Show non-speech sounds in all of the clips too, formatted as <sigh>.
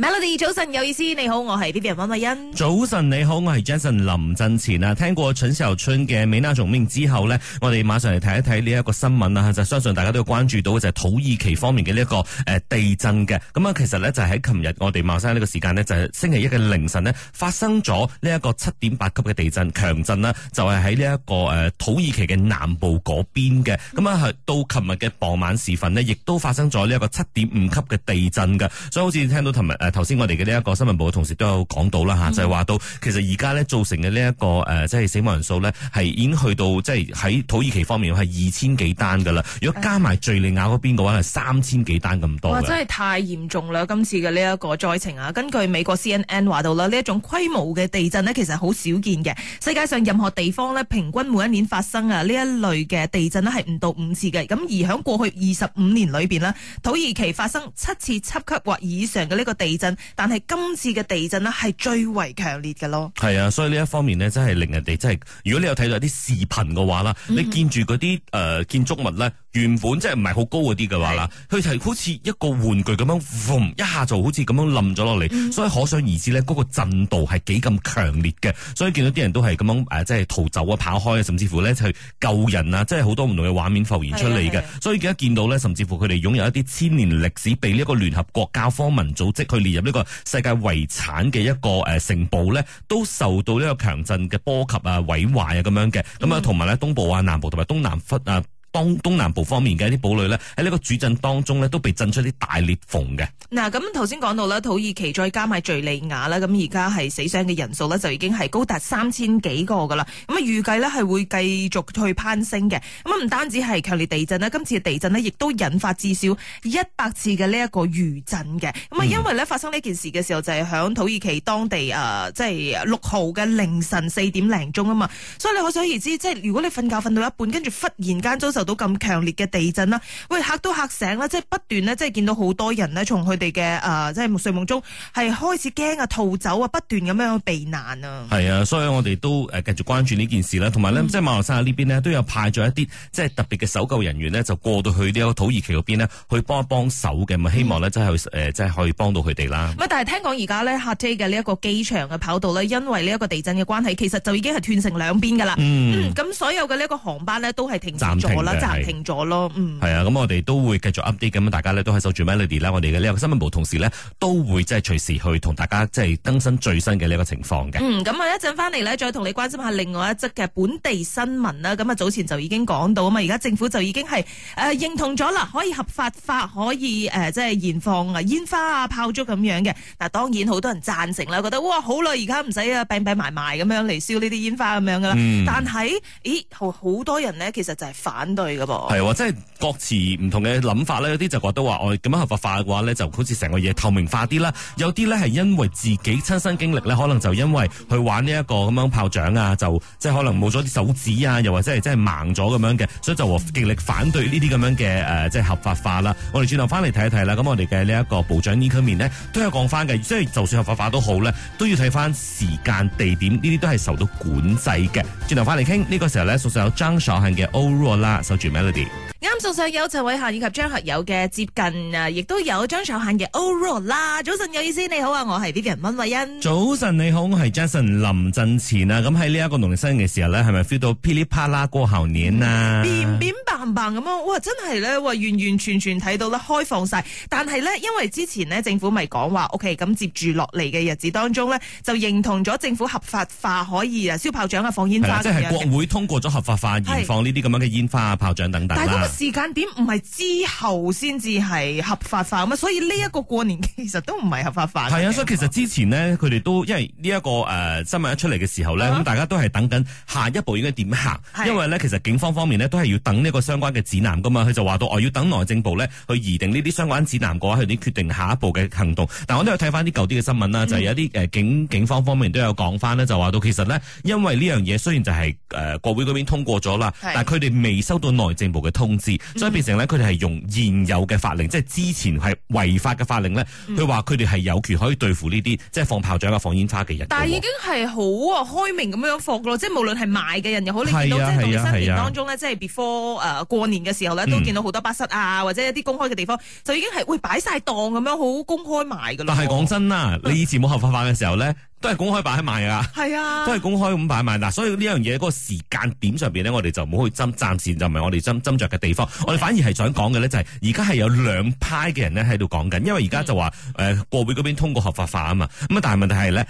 Melody 早晨，有意思，你好，我係呢 B B 方慧欣。早晨你好，我係 Jason 林振前啊。聽過《蠢小春》嘅《美娜總命》之後呢，我哋馬上嚟睇一睇呢一個新聞啊。就相信大家都要關注到嘅就係、是、土耳其方面嘅呢一個誒、呃、地震嘅。咁、嗯、啊，其實呢，就係喺琴日，我哋茂山呢個時間呢，就係、是、星期一嘅凌晨呢，發生咗呢一個七點八級嘅地震強震啦、這個。就係喺呢一個誒土耳其嘅南部嗰邊嘅。咁、嗯、啊、嗯、到琴日嘅傍晚時分呢，亦都發生咗呢一個七點五級嘅地震嘅。所以好似聽到琴日頭先我哋嘅呢一個新聞部嘅同事都有講到啦，吓，嗯、就係話到其實而家呢，造成嘅呢一個誒，即、呃、係、就是、死亡人數呢，係已經去到即係喺土耳其方面係二千幾單噶啦，嗯、如果加埋敘利亞嗰邊嘅話係三千幾單咁多。哇，真係太嚴重啦今次嘅呢一個災情啊！根據美國 CNN 話到啦，呢一種規模嘅地震呢，其實好少見嘅。世界上任何地方呢，平均每一年發生啊呢一類嘅地震咧係唔到五次嘅。咁而喺過去二十五年裏邊呢，土耳其發生七次七級或以上嘅呢個地。震，但係今次嘅地震咧係最為強烈嘅咯。係啊，所以呢一方面呢，真係令人哋真係，如果你有睇到一啲視頻嘅話啦，嗯、你見住嗰啲誒建築物呢，原本即係唔係好高嗰啲嘅話啦，佢係好似一個玩具咁樣，一下就好似咁樣冧咗落嚟，嗯、所以可想而知呢，嗰、那個嗰個震度係幾咁強烈嘅。所以見到啲人都係咁樣誒、啊，即係逃走啊、跑開啊，甚至乎咧去救人啊，即係好多唔同嘅畫面浮現出嚟嘅。的的所以而家見到呢，甚至乎佢哋擁有一啲千年歷史，被呢一個聯合國教科文組織去入呢個世界遺產嘅一個誒城堡咧，都受到呢個強震嘅波及啊、毀壞啊咁樣嘅，咁啊同埋咧東部啊、南部同埋東南忽啊。東東南部方面嘅一啲堡壘呢，喺呢個主震當中呢，都被震出啲大裂縫嘅。嗱，咁頭先講到啦，土耳其再加埋敘利亞啦，咁而家係死傷嘅人數呢，就已經係高達三千幾個噶啦，咁啊預計呢，係會繼續去攀升嘅。咁啊唔單止係強烈地震啦，今次嘅地震呢，亦都引發至少一百次嘅呢一個餘震嘅。咁啊，因為呢，發生呢件事嘅時候就係、是、響土耳其當地啊，呃，即係六號嘅凌晨四點零鐘啊嘛，所以你可想而知，即係如果你瞓覺瞓到一半，跟住忽然間遭受。到咁強烈嘅地震啦，喂，嚇都嚇醒啦，即係不斷呢，即係見到好多人呢，從佢哋嘅誒，即係睡夢中係開始驚啊，逃走啊，不斷咁樣避難啊。係啊，所以我哋都誒繼續關注呢件事啦，同埋呢，即係馬來西亞呢邊呢，都有派咗一啲即係特別嘅搜救人員呢，就過到去呢個土耳其嗰邊呢，去幫一幫手嘅，咁希望呢，即係誒，即係可以幫到佢哋啦。但係聽講而家呢，客機嘅呢一個機場嘅跑道呢，因為呢一個地震嘅關係，其實就已經係斷成兩邊噶啦。嗯，咁所有嘅呢個航班呢，都係停站咗暫停咗咯，的嗯，係啊，咁我哋都會繼續 update 咁大家呢，都係守住 Melody 啦，我哋嘅呢個新聞部同時呢，都會即係隨時去同大家即係更新最新嘅呢個情況嘅。咁啊一陣翻嚟呢，再同你關心下另外一則嘅本地新聞啦。咁啊早前就已經講到啊嘛，而家政府就已經係誒、啊、認同咗啦，可以合法化，可以誒、啊、即係燃放啊煙花啊炮竹咁樣嘅。嗱，當然好多人贊成啦，覺得哇好耐而家唔使啊病病埋埋咁樣嚟燒呢啲煙花咁樣噶啦。嗯、但係咦好多人呢，其實就係反。對嘅、啊、噃，係喎，即係各持唔同嘅諗法咧。有啲就覺得話，我咁樣合法化嘅話咧，就好似成個嘢透明化啲啦。有啲咧係因為自己親身經歷咧，可能就因為去玩呢一個咁樣炮仗啊，就即係可能冇咗啲手指啊，又或者係即係盲咗咁樣嘅，所以就極力反對呢啲咁樣嘅誒，即係合法化啦。我哋轉頭翻嚟睇一睇啦。咁我哋嘅呢一個部長呢方面呢都有講翻嘅。即係就算合法化都好咧，都要睇翻時間、地點呢啲都係受到管制嘅。轉頭翻嚟傾呢個時候咧，桌上有張所幸嘅歐羅啦。收住 melody，啱送上有陳偉涵以及張學友嘅接近啊，亦都有張楚漢嘅 Old Road 啦。早晨有意思，你好啊，我係 Vivian 溫慧欣。早晨你好，我係 Jason 林振前啊。咁喺呢一個農曆新年嘅時候咧，係咪 feel 到噼里啪啦過猴年啊？綿綿、嗯、棒棒咁啊！哇，真係咧，哇，完完全全睇到咧開放晒。但係咧因為之前咧政府咪講話 OK，咁接住落嚟嘅日子當中咧，就認同咗政府合法化可以啊燒炮仗啊放煙花是，即係國會通過咗合法化燃放呢啲咁樣嘅煙花。炮仗等等，但係個時間點唔係之後先至係合法化咁，所以呢一個過年其實都唔係合法化。係啊、嗯，所以其實之前呢，佢哋都因為呢、這、一個誒、呃、新聞一出嚟嘅時候呢，咁、啊、大家都係等緊下一步應該點行，啊、因為呢，其實警方方面呢都係要等呢個相關嘅指南噶嘛，佢就話到我、呃、要等內政部呢去擬定呢啲相關指南嘅話，佢哋決定下一步嘅行動。但我都有睇翻啲舊啲嘅新聞啦，就係、是、有啲誒、呃、警警方方面都有講翻呢，就話到其實呢，因為呢樣嘢雖然就係、是、誒、呃、國會嗰邊通過咗啦，是但佢哋未收到。內政部嘅通知，所以變成咧，佢哋係用現有嘅法令，嗯、哼即係之前係違法嘅法令咧，佢話佢哋係有權可以對付呢啲，即係放炮仗啊、放煙花嘅人。但係已經係好啊開明咁樣放咯，即係無論係賣嘅人又好，你見到即係舊年當中咧，即係 before 誒、uh, 過年嘅時候咧，都見到好多巴剎啊，嗯、或者一啲公開嘅地方，就已經係會擺晒檔咁樣好公開賣噶啦。但係講真啦， <laughs> 你以前冇合法化嘅時候咧。都係公開擺喺賣噶，係啊，都係公開五百萬嗱。所以呢樣嘢喺嗰個時間點上邊咧，我哋就唔好去爭，暫時就唔係我哋爭爭著嘅地方。Okay. 我哋反而係想講嘅咧，就係而家係有兩派嘅人咧喺度講緊，因為而家就話誒國會嗰邊通過合法化啊嘛。咁啊，但係問題係咧，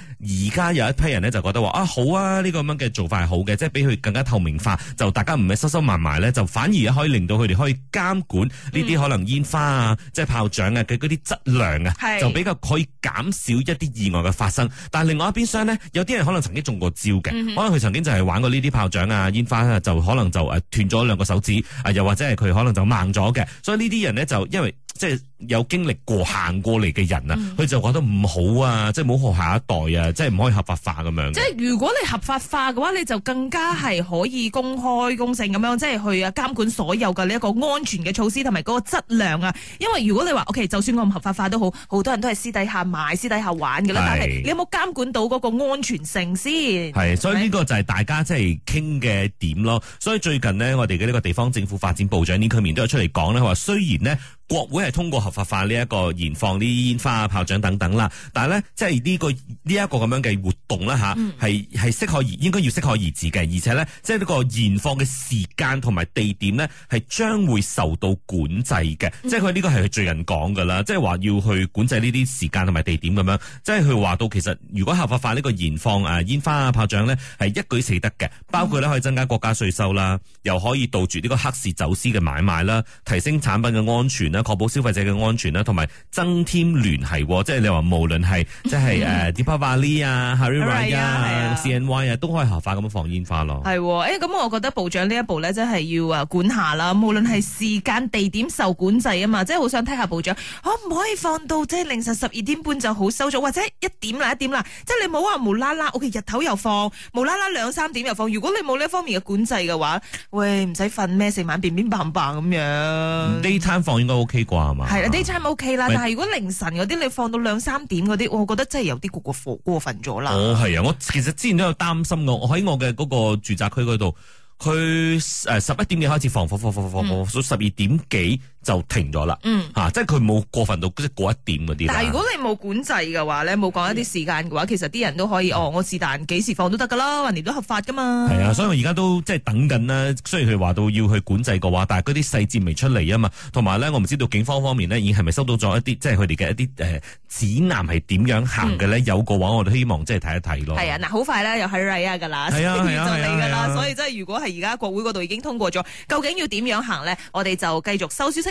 而家有一批人咧就覺得話啊好啊，呢、呢個咁樣嘅做法係好嘅，即係俾佢更加透明化，就大家唔係收收慢埋埋咧，就反而可以令到佢哋可以監管呢啲可能煙花啊、嗯、即係炮仗啊嘅嗰啲質量啊，是就比較可以減少一啲意外嘅發生，但係另。另外一邊廂咧，有啲人可能曾經中過招嘅，嗯、哼可能佢曾經就係玩過呢啲炮仗啊、煙花啊，就可能就誒斷咗兩個手指，啊，又或者係佢可能就盲咗嘅，所以呢啲人咧就因為。即係有經歷過行過嚟嘅人啊，佢、嗯、就覺得唔好啊，即係唔好學下一代啊，即係唔可以合法化咁樣。即係如果你合法化嘅話，你就更加係可以公開、公正咁樣，即係去啊監管所有嘅呢一個安全嘅措施同埋嗰個質量啊。因為如果你話 OK，就算我唔合法化都好，好多人都係私底下買、私底下玩嘅啦。是但係你有冇監管到嗰個安全性先？係所以呢個就係大家即係傾嘅點咯。所以最近呢，我哋嘅呢個地方政府發展部長呢，佢面都有出嚟講咧，佢話雖然呢。國會係通過合法化呢一個燃放啲煙花啊炮仗、等等啦，但係咧即係呢個呢一個咁樣嘅活動啦吓，係係適可而應該要適可而止嘅，而且咧即係呢個燃放嘅時間同埋地點咧係將會受到管制嘅，嗯這個，即係佢呢個係佢最近講噶啦，即係話要去管制呢啲時間同埋地點咁樣，即係佢話到其實如果合法化呢個燃放啊煙花啊炮仗咧係一舉四得嘅，包括咧可以增加國家稅收啦，又可以杜絕呢個黑市走私嘅買賣啦，提升產品嘅安全啦。確保消費者嘅安全啦，同埋增添聯繫，即係你話無論係即係誒 Diwali 啊、Hari Raya 啊、CNY 啊，都可以合法咁放煙花咯。係，誒咁我覺得部長呢一步咧，真係要啊管下啦。無論係時間、地點受管制啊嘛，即係好想睇下部長可唔可以放到即係凌晨十二點半就好收咗，或者一點啦、一點啦，即係你冇話無啦啦，OK 日頭又放，無啦啦兩三點又放。如果你冇呢一方面嘅管制嘅話，喂唔使瞓咩？成晚便便棒棒咁樣。呢灘放應該 O K 係嘛？係啦，daytime O K 啦，係啊、但係如果凌晨嗰啲你放到兩三點嗰啲，我覺得真係有啲過過分咗啦。哦，係啊，我其實之前都有擔心過我，我喺我嘅嗰個住宅區嗰度，佢誒十一點幾開始防火，火火火火火到十二點幾。就停咗啦，嗯，吓、啊，即係佢冇過分到即過一點嗰啲。但係如果你冇管制嘅話咧，冇講一啲時間嘅話，話是其實啲人都可以、嗯、哦，我是但幾時放都得噶啦，橫掂都合法噶嘛。係啊，所以我而家都即係、就是、等緊啦。雖然佢話到要去管制嘅話，但係嗰啲細節未出嚟啊嘛。同埋咧，我唔知道警方方面呢，已經係咪收到咗一啲，即係佢哋嘅一啲誒、呃、指南係點樣行嘅咧？嗯、有嘅話，我哋希望即係睇一睇咯。係啊，嗱，好快咧，又喺 Raya 噶啦，啊啊、 <laughs> 就嚟噶啦，啊啊啊、所以即係如果係而家國會嗰度已經通過咗，究竟要點樣行咧？我哋就繼續收消息。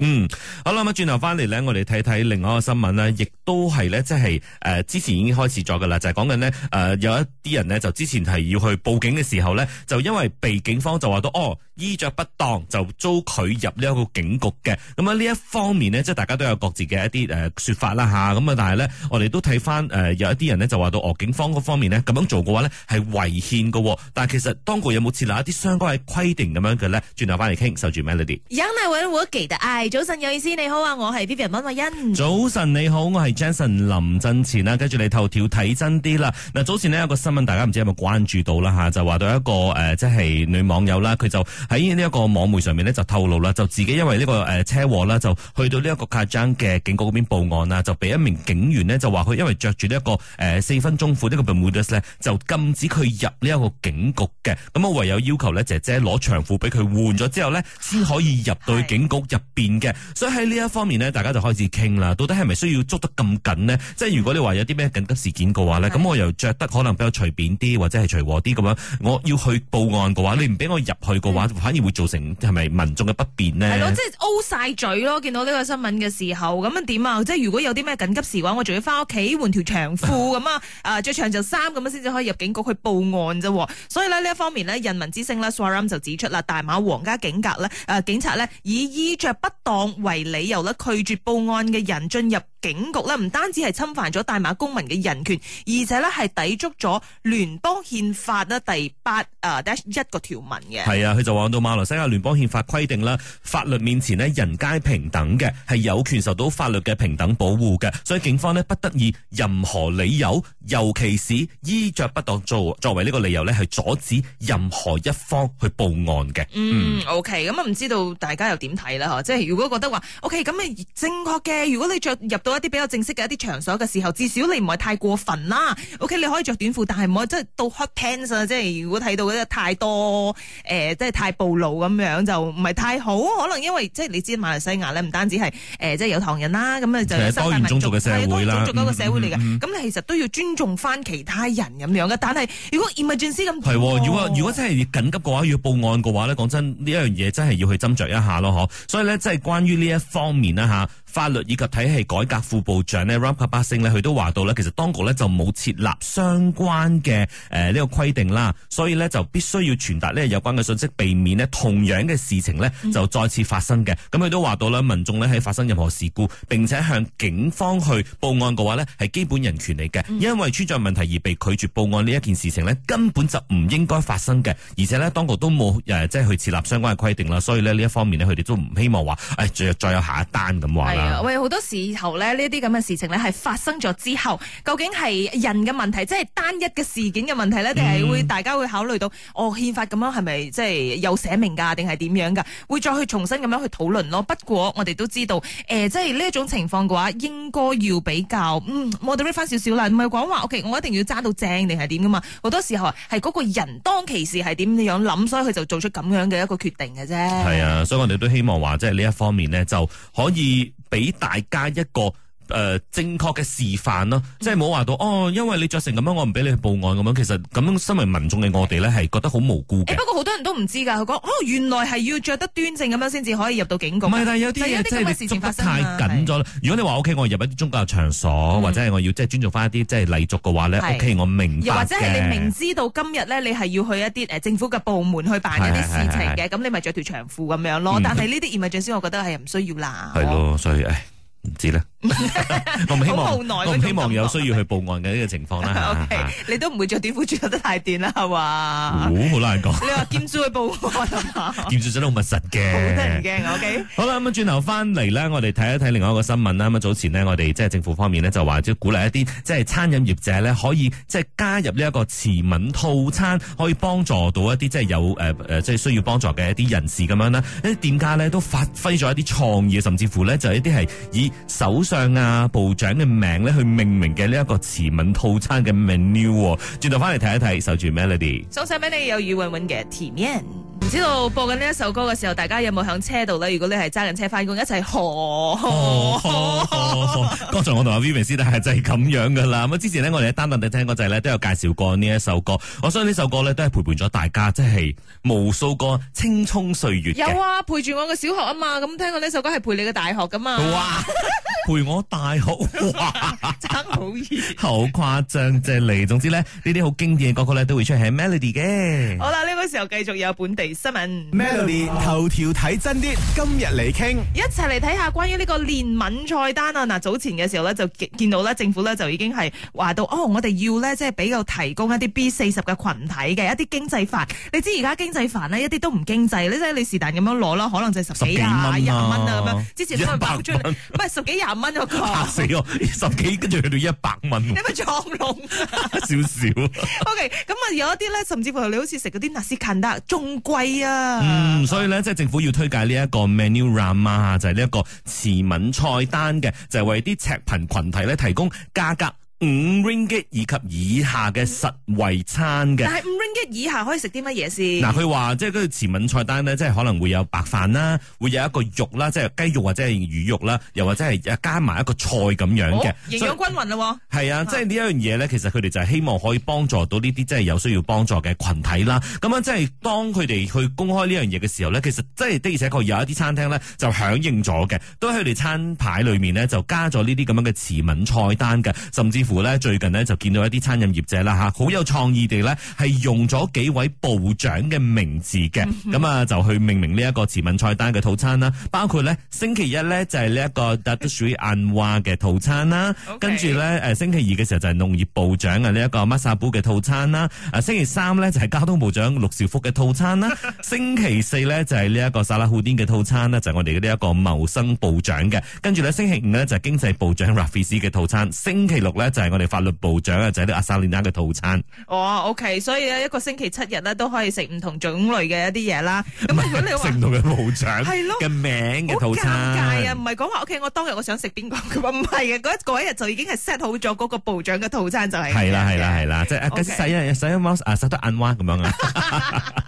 嗯，好啦咁，轉頭翻嚟咧，我哋睇睇另外一個新聞咧，亦都係咧，即係誒、呃，之前已經開始咗噶啦，就係講緊呢誒，有一啲人呢，就之前係要去報警嘅時候呢，就因為被警方就話到哦。衣着不當就遭拒入呢一個警局嘅。咁啊呢一方面呢，即係大家都有各自嘅一啲誒説法啦吓，咁啊。但係呢，我哋都睇返誒有一啲人呢，就話到，哦，警方嗰方面呢，咁樣做嘅話呢，係違憲嘅。但係其實當局有冇設立一啲相關嘅規定咁樣嘅呢？轉頭返嚟傾，守住 melody。記得早晨有意思，你好啊，我係 B B 林慧欣。早晨你好，我係 Jason 林振前啊，跟住嚟頭條睇真啲啦。嗱，早前呢，有一個新聞，大家唔知有冇關注到啦吓，就話到一個誒、呃，即係女網友啦，佢就。喺呢一個網媒上面咧就透露啦，就自己因為呢個誒車禍啦，就去到呢一個卡扎江嘅警局嗰邊報案啊，就俾一名警員呢，就話佢因為着住呢一個誒四分鐘褲呢個 Bermuda，就禁止佢入呢一個警局嘅，咁我唯有要求呢姐姐攞長褲俾佢換咗之後呢，先可以入到警局入邊嘅。是所以喺呢一方面呢，大家就開始傾啦，「到底係咪需要捉得咁緊呢？」即係如果你話有啲咩緊急事件嘅話呢，咁我又着得可能比較隨便啲或者係隨和啲咁樣，我要去報案嘅話，你唔俾我入去嘅話，反而會造成係咪民眾嘅不便呢？係咯，即係 O 晒嘴咯！見到呢個新聞嘅時候，咁樣點啊？即係如果有啲咩緊急事嘅話，我仲要翻屋企換條長褲咁啊！ <laughs> 啊，著長袖衫咁樣先至可以入警局去報案啫。所以呢，呢一方面呢，人民之聲呢，Suaram 就指出啦，大馬皇家警格呢、啊，警察呢，以衣着不當為理由咧，拒絕報案嘅人進入。警局咧唔單止係侵犯咗大馬公民嘅人權，而且咧係抵觸咗聯邦憲法呢第八啊第一個條文嘅。係啊，佢就話到馬來西亞聯邦憲法規定啦，法律面前呢，人皆平等嘅，係有權受到法律嘅平等保護嘅。所以警方呢，不得以任何理由，尤其是衣着不當做作為呢個理由呢，去阻止任何一方去報案嘅。嗯，嗯，OK，咁啊唔知道大家又點睇啦？即係如果覺得話 OK 咁啊正確嘅，如果你着入。到一啲比較正式嘅一啲場所嘅時候，至少你唔係太過分啦。OK，你可以着短褲，但係唔好真係到 hot pants 啊！即係如果睇到咧太多誒、呃，即係太暴露咁樣，就唔係太好。可能因為即係你知馬來西亞咧，唔單止係誒、呃，即係有唐人啦，咁就多元種族嘅社會啦，多元種族嘅社會嚟嘅。咁你其實都要尊重翻其他人咁樣嘅。但係如果唔係鑽師咁，係如果如果真係緊急嘅話，要報案嘅話咧，講真呢一樣嘢真係要去斟酌一下咯，嗬。所以咧，即係關於呢一方面啦，嚇。法律以及體系改革副部長呢 Ram 卡巴星呢，佢都話到呢。其實當局呢，就冇設立相關嘅誒呢個規定啦，所以呢，就必須要傳達呢有關嘅信息，避免呢同樣嘅事情呢，就再次發生嘅。咁佢、嗯、都話到咧，民眾呢，喺發生任何事故，並且向警方去報案嘅話呢，係基本人權嚟嘅。因為存在問題而被拒絕報案呢一件事情呢，根本就唔應該發生嘅。而且呢，當局都冇誒即係去設立相關嘅規定啦，所以呢，呢一方面呢，佢哋都唔希望話誒再再有下一單咁話啦。喂，好多時候咧，呢啲咁嘅事情咧，係發生咗之後，究竟係人嘅問題，即係單一嘅事件嘅問題咧，定係會大家會考慮到，嗯、哦，憲法咁樣係咪即係有寫明㗎，定係點樣㗎？會再去重新咁樣去討論咯。不過我哋都知道，誒、呃，即係呢一種情況嘅話，應該要比較，嗯，我哋 read 翻少少啦，唔係講話，OK，我一定要揸到正定係點㗎嘛？好多時候係嗰個人當其時係點樣諗，所以佢就做出咁樣嘅一個決定嘅啫。係啊，所以我哋都希望話，即係呢一方面呢就可以。俾大家一個。誒、呃，正確嘅示範咯，即係冇話到哦，因為你着成咁樣，我唔俾你去報案咁樣。其實咁樣身為民眾嘅我哋咧，係覺得好無辜、欸、不過好多人都唔知噶，佢講哦，原來係要着得端正咁樣先至可以入到警局。但係有啲事即係捉得太緊咗啦。是如果你話 O K，我入一啲宗教場所、嗯、或者係我要即係尊重翻一啲即係禮俗嘅話咧，O K，我明。又或者係你明知道今日咧，你係要去一啲政府嘅部門去辦一啲事情嘅，咁你咪着條長褲咁樣咯。嗯、但係呢啲儀物着先，我覺得係唔需要啦。係咯，所以誒，唔知咧。 <laughs> <laughs> 我唔希望，我唔希望有需要去報案嘅呢個情況啦。O K，你都唔會着短褲穿得太短啦，係嘛、哦？好難講，哦、難 <laughs> 你話檢訴去報案啊？檢訴做得好密實嘅，好得人驚。O、okay? K，好啦，咁啊轉頭翻嚟咧，我哋睇一睇另外一個新聞啦。咁早前呢，我哋即係政府方面呢，就話即係鼓勵一啲即係餐飲業者呢，可以即係加入呢一個慈敏套餐，可以幫助到一啲即係有誒誒、呃、即係需要幫助嘅一啲人士咁樣啦。啲店家呢，都發揮咗一啲創意，甚至乎呢，就一啲係以手。上啊，部長嘅名咧去命名嘅呢、哦、一個詞文套餐嘅 menu，轉頭翻嚟睇一睇，守住 melody，送俾你有餘韻韻嘅甜。唔知道播緊呢一首歌嘅時候，大家有冇響車度咧？如果你係揸緊車翻工，一齊何何何何？剛才我同阿 Vivian 師弟係真係咁樣噶啦。咁 <laughs> 之前呢，我哋喺單凳地聽嗰陣咧都有介紹過呢一首歌。我相信呢首歌咧都係陪伴咗大家，即係無數個青蔥歲月。有啊，陪住我嘅小學啊嘛。咁聽過呢首歌係陪你嘅大學噶嘛。哇 <laughs> 陪我大學，爭好遠， <laughs> 好誇張啫嚟、就是！總之咧，呢啲好經典嘅歌曲咧，都會出現 melody 嘅。好啦，呢、這個時候繼續有本地新聞，melody 頭條睇真啲。今日嚟傾，一齊嚟睇下關於呢個憐憫菜單啊！嗱，早前嘅時候咧，就見到咧，政府咧就已經係話到，哦，我哋要咧即係比較提供一啲 B 四十嘅群體嘅一啲經濟飯。你知而家經濟飯呢一啲都唔經濟你即係你是但咁樣攞啦，可能就係十幾廿蚊啊咁樣，啊、之前都係爆出，唔係元十幾廿。蚊一個，嚇死我！十幾，跟住去到一百蚊， <laughs> 你咪撞龍少少。O K，咁啊， <laughs> 小小 okay，有一啲咧，甚至乎你好似食嗰啲納斯勤達，仲貴啊。嗯，所以咧，即係政府要推介呢一個 menu ram 啊，rama，就係呢一個遲敏菜單嘅，就係、是、為啲赤貧群體咧提供價格。五 ringgit 以及以下嘅實惠餐嘅、嗯，但係五 ringgit 以下可以食啲乜嘢先？嗱、啊，佢話即係嗰個慈憫菜單咧，即係可能會有白飯啦，會有一個肉啦，即係雞肉或者係魚肉啦，又或者係加埋一個菜咁樣嘅，營養、哦、均勻咯以，係以、哦、啊，即係呢一樣嘢咧，其實佢哋就係希望可以幫助到呢啲即係有需要幫助嘅群體啦。咁樣即係當佢哋去公開呢樣嘢嘅時候咧，其實即係的而且確有一啲餐廳咧就響應咗嘅，都喺佢哋餐牌裏面咧就加咗呢啲咁樣嘅慈憫菜單嘅，甚至。咧最近呢，就見到一啲餐飲業者啦嚇，好有創意地咧係用咗幾位部長嘅名字嘅，咁啊就去命名呢一個慈文菜單嘅套餐啦。包括咧星期一咧就係呢一個拿督斯里安華嘅套餐啦，跟住咧誒星期二嘅時候就係農業部長啊，呢一個馬薩布嘅套餐啦。啊星期三咧就係交通部長陸兆福嘅套餐啦。星期四咧就係呢一個薩拉胡丁嘅套餐啦，就係我哋嘅呢一個謀生部長嘅。跟住咧星期五呢，就係經濟部長拉菲斯嘅套餐。星期六咧，就係。就係我哋法律部長啊，就係啲阿薩尼亞嘅套餐。哦、oh,，OK，所以咧一個星期七日咧都可以食唔同種類嘅一啲嘢啦。咁如果你食唔同嘅部長係 <laughs> 咯嘅名嘅套餐，尷尬啊！唔係講話 OK，我當日我想食邊、 <laughs> 個，佢話唔係嘅，嗰一日就已經係 set 好咗嗰個部長嘅套餐就係。係啦係啦係啦，即係洗今時使一使一 m 咁樣啊。Okay. <laughs> <laughs>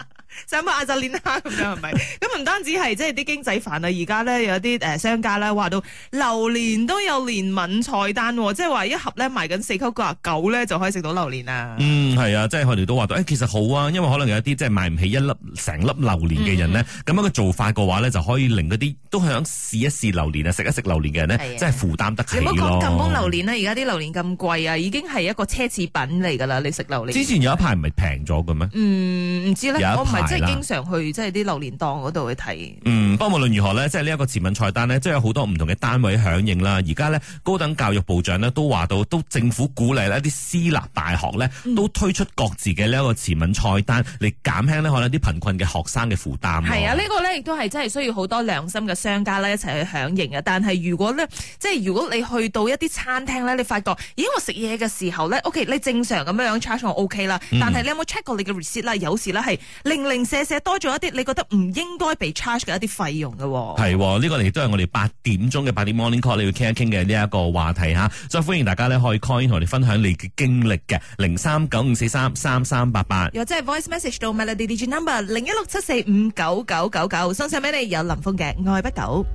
使乜阿就連蝦咁樣係咪？咁唔單止係即係啲經濟飯啊，而家咧有啲誒商家咧話到榴蓮都有聯名菜單，即係話一盒咧賣緊四九九咧就可以食到榴蓮啊！嗯，係啊，即係我哋都話到誒、欸，其實好啊，因為可能有一啲即係買唔起一粒成粒榴蓮嘅人咧，咁、嗯、樣嘅做法嘅話咧，就可以令嗰啲都係想試一試榴蓮啊、食一食榴蓮嘅人咧，即係的負擔得起咯。你唔好講咁多榴蓮啦、啊，而家啲榴蓮咁貴啊，已經係一個奢侈品嚟㗎啦！你食榴蓮，之前有一排唔係平咗嘅咩？唔、嗯、知咧，我唔係即經常去即係啲榴蓮檔嗰度去睇。嗯，不過無論如何咧，即係呢一個前文菜單呢，即係有好多唔同嘅單位響應啦。而家呢，高等教育部長呢都話到，都政府鼓勵咧一啲私立大學呢都推出各自嘅呢一個前文菜單嚟減輕呢可能啲貧困嘅學生嘅負擔。係啊，呢、呢個呢亦都係真係需要好多良心嘅商家呢一齊去響應啊。但係如果呢，即係如果你去到一啲餐廳呢，你發覺咦我食嘢嘅時候呢 OK 你正常咁樣樣 charge 我 OK 啦，但係你有冇 check 過你嘅 receipt 咧？有時呢，係令令。借借多咗一啲，你覺得唔應該被 charge 嘅一啲費用嘅喎、哦。係喎、哦，呢、這個亦都係我哋八點鐘嘅八點 morning call 你要傾一傾嘅呢一個話題吓，所以歡迎大家咧，可以 call 同我哋分享你嘅經歷嘅，零三九五四三三三八八，又或者係 voice message 到 melody d i number 零一六七四五九九九九，送上俾你有林峰嘅愛不疚。